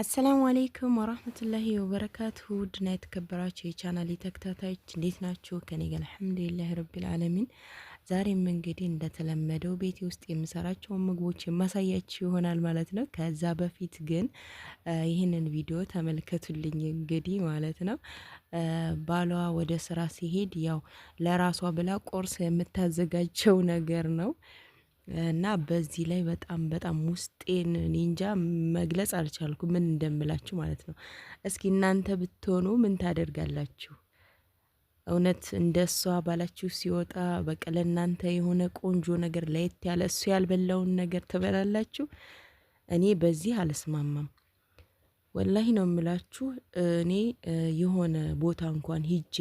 አሰላሙ አሌይኩም ወራህመቱላሂ ወበረካቱሁ ውድና የተከበራችሁ የቻናል ተከታታዮች እንዴት ናችሁ? ከኔ ጋር አልሐምዱሊላህ ረቢል አለሚን። ዛሬም እንግዲህ እንደተለመደው ቤቴ ውስጥ የምሰራቸውን ምግቦች የማሳያችሁ ይሆናል ማለት ነው። ከዛ በፊት ግን ይህንን ቪዲዮ ተመልከቱልኝ እንግዲህ ማለት ነው። ባሏ ወደ ስራ ሲሄድ ያው ለራሷ ብላ ቁርስ የምታዘጋጀው ነገር ነው እና በዚህ ላይ በጣም በጣም ውስጤን ኒንጃ እንጃ መግለጽ አልቻልኩ፣ ምን እንደምላችሁ ማለት ነው። እስኪ እናንተ ብትሆኑ ምን ታደርጋላችሁ? እውነት እንደ እሷ ባላችሁ ሲወጣ በቃ ለእናንተ የሆነ ቆንጆ ነገር ለየት ያለ እሱ ያልበላውን ነገር ትበላላችሁ? እኔ በዚህ አልስማማም። ወላሂ ነው የምላችሁ። እኔ የሆነ ቦታ እንኳን ሂጄ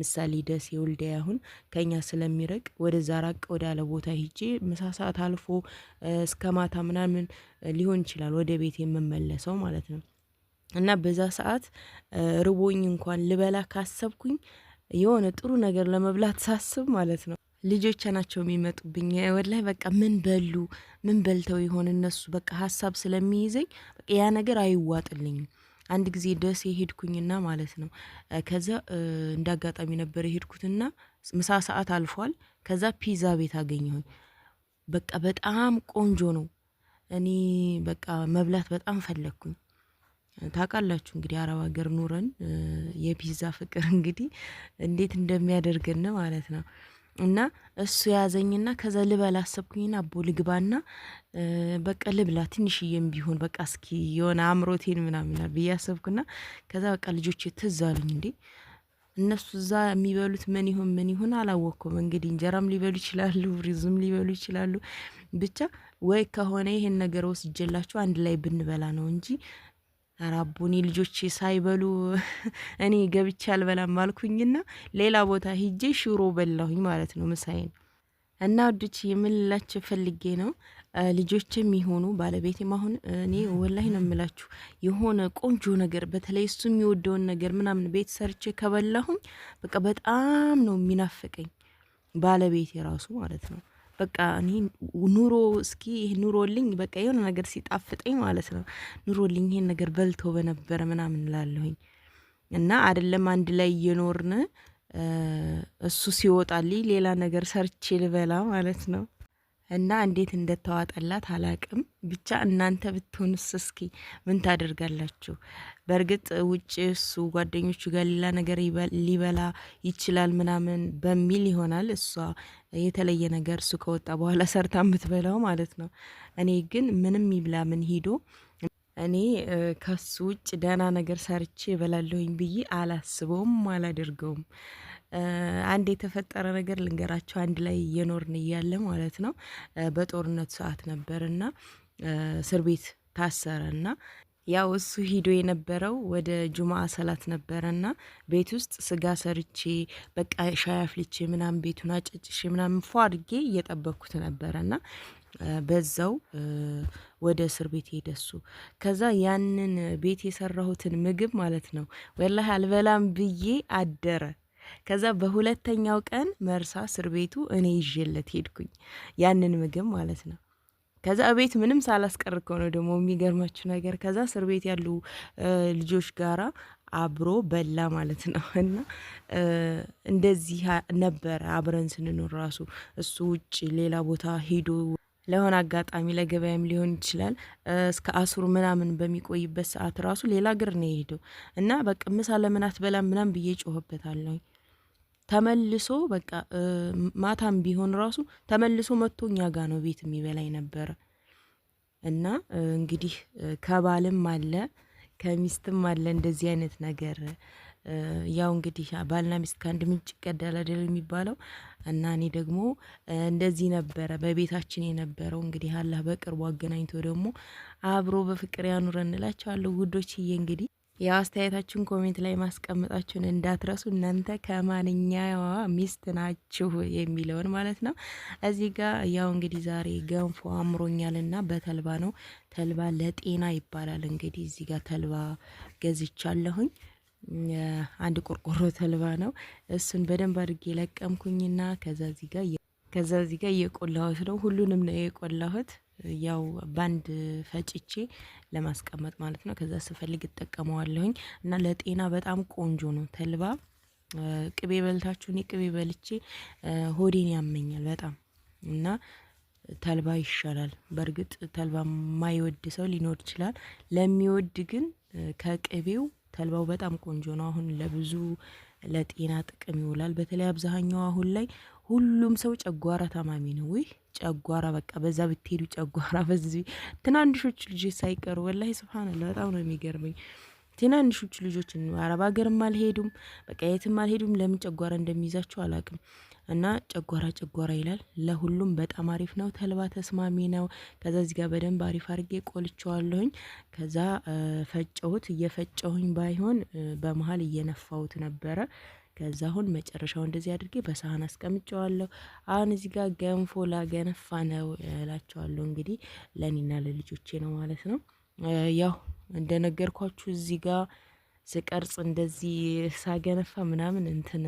ምሳሌ ደሴ፣ ወልዲያ አሁን ከኛ ስለሚረቅ ወደዛ ራቅ ወዳለ ቦታ ሂጄ ምሳ ሰዓት አልፎ እስከ ማታ ምናምን ሊሆን ይችላል ወደ ቤት የምመለሰው ማለት ነው። እና በዛ ሰዓት ርቦኝ እንኳን ልበላ ካሰብኩኝ የሆነ ጥሩ ነገር ለመብላት ሳስብ ማለት ነው ልጆቻ ናቸው የሚመጡብኝ። ወላሂ በቃ ምን በሉ ምን በልተው ይሆን እነሱ በቃ ሀሳብ ስለሚይዘኝ ያ ነገር አይዋጥልኝም። አንድ ጊዜ ደሴ ሄድኩኝና ማለት ነው። ከዛ እንደ አጋጣሚ ነበር የሄድኩትና ምሳ ሰዓት አልፏል። ከዛ ፒዛ ቤት አገኘሁኝ። በቃ በጣም ቆንጆ ነው። እኔ በቃ መብላት በጣም ፈለግኩኝ። ታውቃላችሁ እንግዲህ አረብ ሀገር ኑረን የፒዛ ፍቅር እንግዲህ እንዴት እንደሚያደርገን ማለት ነው። እና እሱ ያዘኝና ከዛ ልበላ አሰብኩኝና አቦ ልግባና በቃ ልብላ ትንሽዬም ቢሆን በቃ እስኪ የሆነ አእምሮቴን ምናምን ብዬ አሰብኩና ከዛ በቃ ልጆች ትዝ አሉኝ እንዴ እነሱ እዛ የሚበሉት ምን ይሁን ምን ይሁን አላወቅኩም። እንግዲህ እንጀራም ሊበሉ ይችላሉ፣ ሪዝም ሊበሉ ይችላሉ። ብቻ ወይ ከሆነ ይሄን ነገር ወስጀላችሁ አንድ ላይ ብንበላ ነው እንጂ አራቡኒ ልጆቼ ሳይበሉ እኔ ገብቼ አልበላም አልኩኝና ሌላ ቦታ ሂጄ ሽሮ በላሁኝ ማለት ነው ምሳዬን። እና ወዶች የምንላቸው ፈልጌ ነው ልጆች የሚሆኑ ባለቤቴም አሁን እኔ ወላይ ነው የምላችሁ የሆነ ቆንጆ ነገር በተለይ እሱ የሚወደውን ነገር ምናምን ቤት ሰርቼ ከበላሁኝ በቃ በጣም ነው የሚናፍቀኝ ባለቤቴ ራሱ ማለት ነው። በቃ እኔ ኑሮ እስኪ ኑሮልኝ በቃ የሆነ ነገር ሲጣፍጠኝ ማለት ነው ኑሮልኝ ይሄን ነገር በልቶ በነበረ ምናምን ላለሁኝ እና አይደለም አንድ ላይ እየኖርን እሱ ሲወጣልኝ ሌላ ነገር ሰርቼ ልበላ ማለት ነው። እና እንዴት እንደተዋጠላት አላቅም። ብቻ እናንተ ብትሆኑስ እስኪ ምን ታደርጋላችሁ? በእርግጥ ውጭ እሱ ጓደኞቹ ጋር ሌላ ነገር ሊበላ ይችላል ምናምን በሚል ይሆናል እሷ የተለየ ነገር እሱ ከወጣ በኋላ ሰርታ ምትበላው ማለት ነው። እኔ ግን ምንም ይብላ ምን ሂዶ እኔ ከሱ ውጭ ደህና ነገር ሰርቼ እበላለሁኝ ብዬ አላስበውም፣ አላደርገውም። አንድ የተፈጠረ ነገር ልንገራቸው። አንድ ላይ እየኖርን እያለ ማለት ነው በጦርነት ሰዓት ነበርና እስር ቤት ታሰረና ያው እሱ ሂዶ የነበረው ወደ ጁማአ ሰላት ነበረና ቤት ውስጥ ስጋ ሰርቼ በቃ ሻይ አፍልቼ ምናምን ቤቱን አጨጭሼ ምናምን ፎ አድጌ እየጠበኩት ነበረና በዛው ወደ እስር ቤት ሄደ ከዛ ያንን ቤት የሰራሁትን ምግብ ማለት ነው ወላህ አልበላም ብዬ አደረ። ከዛ በሁለተኛው ቀን መርሳ እስር ቤቱ እኔ ይዤለት ሄድኩኝ ያንን ምግብ ማለት ነው። ከዛ ቤት ምንም ሳላስቀር እኮ ነው ደግሞ የሚገርማችሁ ነገር። ከዛ እስር ቤት ያሉ ልጆች ጋራ አብሮ በላ ማለት ነው። እና እንደዚህ ነበረ አብረን ስንኖር ራሱ እሱ ውጭ ሌላ ቦታ ሄዶ ለሆነ አጋጣሚ ለገበያም ሊሆን ይችላል። እስከ አስሩ ምናምን በሚቆይበት ሰዓት ራሱ ሌላ እግር ነው የሄደው እና በቃ ምሳ ለምን አትበላም ምናምን ብዬ ጮኸበታለሁ። ተመልሶ በቃ ማታም ቢሆን ራሱ ተመልሶ መጥቶ እኛ ጋ ነው ቤት የሚበላኝ ነበረ። እና እንግዲህ ከባልም አለ ከሚስትም አለ እንደዚህ አይነት ነገር። ያው እንግዲህ ባልና ሚስት ከአንድ ምንጭ ይቀዳል አይደል የሚባለው። እና እኔ ደግሞ እንደዚህ ነበረ በቤታችን የነበረው። እንግዲህ አላህ በቅርቡ አገናኝቶ ደግሞ አብሮ በፍቅር ያኑረን እላቸዋለሁ ውዶችዬ። እንግዲህ የአስተያየታችሁን ኮሜንት ላይ ማስቀመጣችሁን እንዳትረሱ። እናንተ ከማንኛዋ ሚስት ናችሁ የሚለውን ማለት ነው። እዚህ ጋር ያው እንግዲህ ዛሬ ገንፎ አምሮኛል እና በተልባ ነው። ተልባ ለጤና ይባላል። እንግዲህ እዚህ ጋር ተልባ ገዝቻለሁኝ። አንድ ቆርቆሮ ተልባ ነው። እሱን በደንብ አድርጌ ለቀምኩኝና ከዛ እዚህ ጋር ከዛ እዚህ ጋር እየቆላሁት ነው። ሁሉንም ነው የቆላሁት። ያው ባንድ ፈጭቼ ለማስቀመጥ ማለት ነው። ከዛ ስፈልግ እጠቀመዋለሁኝ እና ለጤና በጣም ቆንጆ ነው ተልባ። ቅቤ በልታችሁ እኔ ቅቤ በልቼ ሆዴን ያመኛል በጣም እና ተልባ ይሻላል። በእርግጥ ተልባ ማይወድ ሰው ሊኖር ይችላል። ለሚወድ ግን ከቅቤው ተልባው በጣም ቆንጆ ነው። አሁን ለብዙ ለጤና ጥቅም ይውላል። በተለይ አብዛኛው አሁን ላይ ሁሉም ሰው ጨጓራ ታማሚ ነው። ውይ ጨጓራ በቃ በዛ ብትሄዱ ጨጓራ በዚህ ትናንሾች ልጆች ሳይቀሩ ወላሂ ስብሓንላ በጣም ነው የሚገርመኝ። ትናንሾች ልጆች አረብ ሀገርም አልሄዱም፣ በቃ የትም አልሄዱም። ለምን ጨጓራ እንደሚይዛቸው አላቅም። እና ጨጓራ ጨጓራ ይላል። ለሁሉም በጣም አሪፍ ነው። ተልባ ተስማሚ ነው። ከዛ እዚህ ጋር በደንብ አሪፍ አድርጌ ቆልቸዋለሁኝ። ከዛ ፈጨሁት። እየፈጨሁኝ ባይሆን በመሀል እየነፋሁት ነበረ ከዛ አሁን መጨረሻው እንደዚህ አድርጌ በሳህን አስቀምጨዋለሁ። አሁን እዚህ ጋር ገንፎ ላገነፋ ነው እላቸዋለሁ። እንግዲህ ለእኔና ለልጆቼ ነው ማለት ነው። ያው እንደነገርኳችሁ እዚህ ጋር ስቀርጽ እንደዚህ ሳገነፋ ምናምን እንትን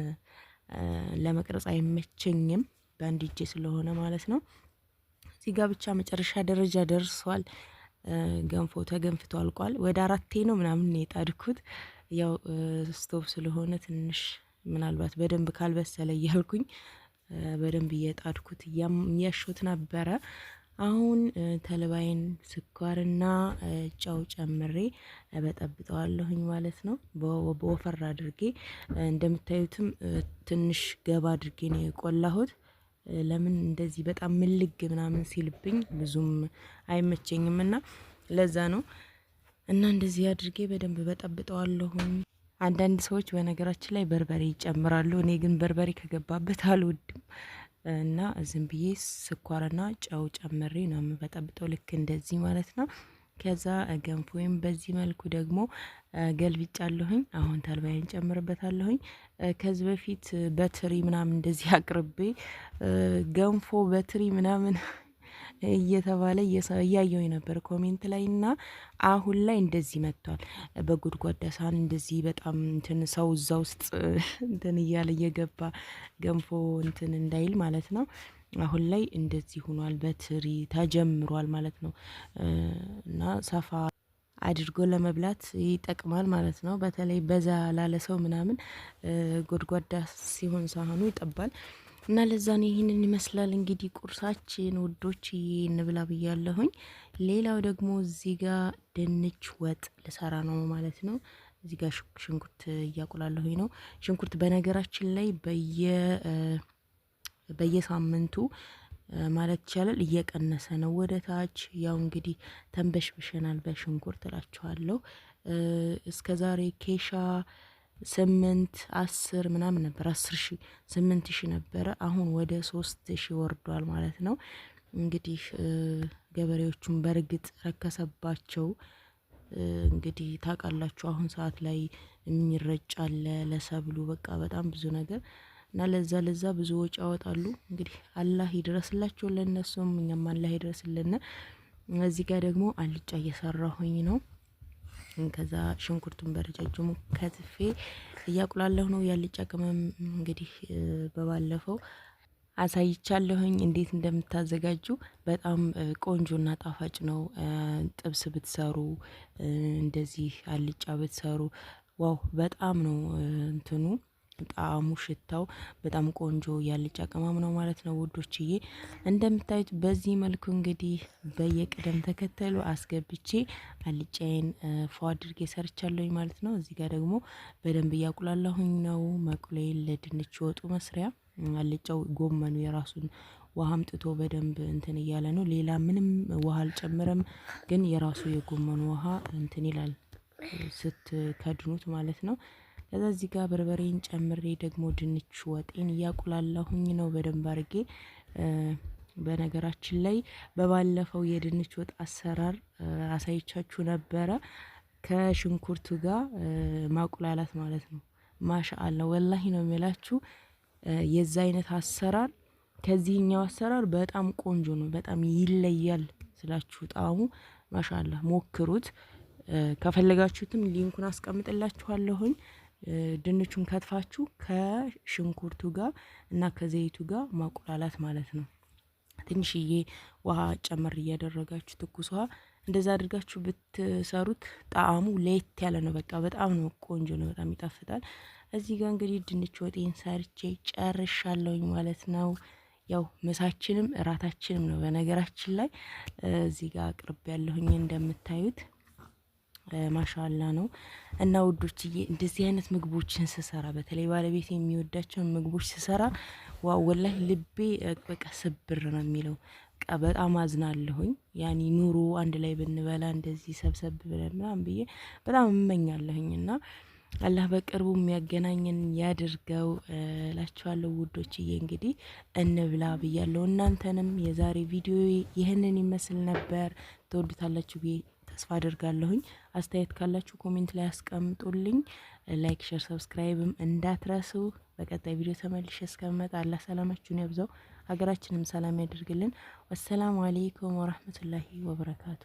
ለመቅረጽ አይመቸኝም በአንድ እጄ ስለሆነ ማለት ነው። እዚህ ጋር ብቻ መጨረሻ ደረጃ ደርሷል። ገንፎ ተገንፍቶ አልቋል። ወደ አራቴ ነው ምናምን የጣድኩት ያው ስቶቭ ስለሆነ ትንሽ ምናልባት በደንብ ካልበሰለ እያልኩኝ በደንብ እየጣድኩት እያሾት ነበረ። አሁን ተልባይን ስኳርና ጨው ጨምሬ በጠብጠዋለሁኝ ማለት ነው። በወፈር አድርጌ እንደምታዩትም ትንሽ ገባ አድርጌ ነው የቆላሁት። ለምን እንደዚህ በጣም ምልግ ምናምን ሲልብኝ ብዙም አይመቸኝም እና ለዛ ነው እና እንደዚህ አድርጌ በደንብ በጠብጠዋለሁኝ። አንዳንድ ሰዎች በነገራችን ላይ በርበሬ ይጨምራሉ። እኔ ግን በርበሬ ከገባበት አልወድም እና ዝም ብዬ ስኳርና ጨው ጨምሬ ነው የምበጠብጠው፣ ልክ እንደዚህ ማለት ነው። ከዛ ገንፎ ወይም በዚህ መልኩ ደግሞ ገልብጫለሁኝ። አሁን ተልባዬን ጨምርበታለሁኝ። ከዚህ በፊት በትሪ ምናምን እንደዚህ አቅርቤ ገንፎ በትሪ ምናምን እየተባለ እያየው የነበረ ኮሜንት ላይ እና አሁን ላይ እንደዚህ መጥቷል። በጎድጓዳ ሳህን እንደዚህ በጣም እንትን ሰው እዛ ውስጥ እንትን እያለ እየገባ ገንፎ እንትን እንዳይል ማለት ነው። አሁን ላይ እንደዚህ ሆኗል። በትሪ ተጀምሯል ማለት ነው እና ሰፋ አድርጎ ለመብላት ይጠቅማል ማለት ነው። በተለይ በዛ ላለ ሰው ምናምን ጎድጓዳ ሲሆን ሳህኑ ይጠባል። እና ለዛ ነው ይህንን ይመስላል እንግዲህ ቁርሳችን ውዶች እንብላ ብያለሁኝ። ሌላው ደግሞ እዚህ ጋር ድንች ወጥ ልሰራ ነው ማለት ነው። እዚህ ጋር ሽንኩርት እያቁላለሁኝ ነው። ሽንኩርት በነገራችን ላይ በየ በየሳምንቱ ማለት ይቻላል እየቀነሰ ነው ወደ ታች። ያው እንግዲህ ተንበሽብሸናል በሽንኩርት እላችኋለሁ። እስከዛሬ ኬሻ ስምንት አስር ምናምን ነበር አስር ሺ ስምንት ሺ ነበረ። አሁን ወደ ሶስት ሺ ወርዷል ማለት ነው። እንግዲህ ገበሬዎቹን በእርግጥ ረከሰባቸው። እንግዲህ ታውቃላችሁ አሁን ሰዓት ላይ የሚረጭ ለሰብሉ በቃ በጣም ብዙ ነገር እና ለዛ ለዛ ብዙ ወጪ ያወጣሉ። እንግዲህ አላህ ይድረስላቸው ለእነሱም፣ እኛም አላህ ይድረስልን። እዚህ ጋር ደግሞ አልጫ እየሰራሁኝ ነው። ከዛ ሽንኩርቱን በረጃጅሙ ከትፌ እያቁላለሁ ነው። ያልጫ ቅመም እንግዲህ በባለፈው አሳይቻለሁኝ እንዴት እንደምታዘጋጁ። በጣም ቆንጆና ጣፋጭ ነው። ጥብስ ብትሰሩ እንደዚህ አልጫ ብትሰሩ ዋው በጣም ነው እንትኑ ጣዕሙ፣ ሽታው በጣም ቆንጆ ያልጫ አቀማም ነው ማለት ነው ውዶችዬ። እንደምታዩት በዚህ መልኩ እንግዲህ በየቅደም ተከተሉ አስገብቼ አልጫዬን ፎ አድርጌ ሰርቻለሁኝ ማለት ነው። እዚህ ጋር ደግሞ በደንብ እያቁላላሁኝ ነው መቁላዬን ለድንች ወጡ መስሪያ አልጫው ጎመኑ የራሱን ውሃም ጥቶ በደንብ እንትን እያለ ነው። ሌላ ምንም ውሃ አልጨምረም፣ ግን የራሱ የጎመኑ ውሃ እንትን ይላል ስትከድኑት ማለት ነው። ከዛ እዚህ ጋር በርበሬን ጨምሬ ደግሞ ድንች ወጤን እያቁላላሁኝ ነው በደንብ አርጌ። በነገራችን ላይ በባለፈው የድንች ወጥ አሰራር አሳይቻችሁ ነበረ። ከሽንኩርቱ ጋር ማቁላላት ማለት ነው። ማሻአላ ወላሂ ነው የሚላችሁ የዛ አይነት አሰራር ከዚህኛው አሰራር በጣም ቆንጆ ነው። በጣም ይለያል ስላችሁ ጣዕሙ ማሻአላ ሞክሩት። ከፈለጋችሁትም ሊንኩን አስቀምጥላችኋለሁኝ። ድንቹን ከትፋችሁ ከሽንኩርቱ ጋር እና ከዘይቱ ጋር ማቆላላት ማለት ነው። ትንሽዬ ውሃ ጨመር እያደረጋችሁ ትኩስ ውሃ እንደዛ አድርጋችሁ ብትሰሩት ጣዕሙ ለየት ያለ ነው። በቃ በጣም ነው ቆንጆ ነው፣ በጣም ይጣፍጣል። እዚህ ጋር እንግዲህ ድንች ወጤን ሰርቼ ጨርሻለሁኝ ማለት ነው። ያው ምሳችንም እራታችንም ነው። በነገራችን ላይ እዚህ ጋር አቅርብ ያለሁኝ እንደምታዩት ማሻላ ነው እና ውዶችዬ፣ እንደዚህ አይነት ምግቦችን ስሰራ በተለይ ባለቤት የሚወዳቸውን ምግቦች ስሰራ ዋ ወላሂ ልቤ በቃ ስብር ነው የሚለው። በቃ በጣም አዝናለሁኝ። ያኒ ኑሮ አንድ ላይ ብንበላ እንደዚህ ሰብሰብ ብለን ምናምን ብዬ በጣም እመኛለሁኝ እና አላህ በቅርቡ የሚያገናኝን ያድርገው እላችኋለሁ ውዶችዬ። እንግዲህ እንብላ ብያለሁ። እናንተንም የዛሬ ቪዲዮ ይህንን ይመስል ነበር። ትወዱታላችሁ ብዬ ተስፋ አድርጋለሁኝ። አስተያየት ካላችሁ ኮሜንት ላይ አስቀምጡልኝ ላይክ፣ ሸር፣ ሰብስክራይብም እንዳትረሱ። በቀጣይ ቪዲዮ ተመልሼ እስከምመጣ አላህ ሰላማችሁን ያብዛው፣ ሀገራችንም ሰላም ያደርግልን። ወሰላሙ አሌይኩም ወረህመቱላሂ ወበረካቱ